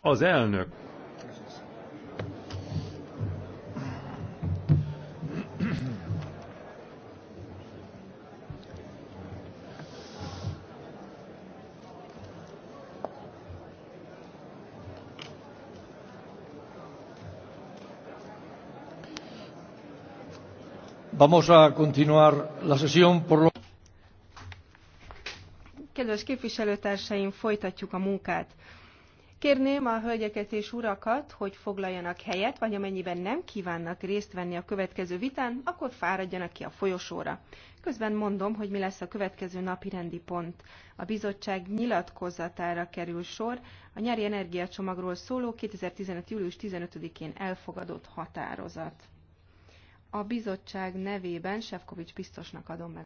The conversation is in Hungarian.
Az elnök. Vamos a continuar la sesión por lo Kedves képviselőtársaim, folytatjuk a munkát. Kérném a hölgyeket és urakat, hogy foglaljanak helyet, vagy amennyiben nem kívánnak részt venni a következő vitán, akkor fáradjanak ki a folyosóra. Közben mondom, hogy mi lesz a következő napi rendi pont. A bizottság nyilatkozatára kerül sor a nyári energiacsomagról szóló 2015. július 15-én elfogadott határozat. A bizottság nevében Sefkovics biztosnak adom meg.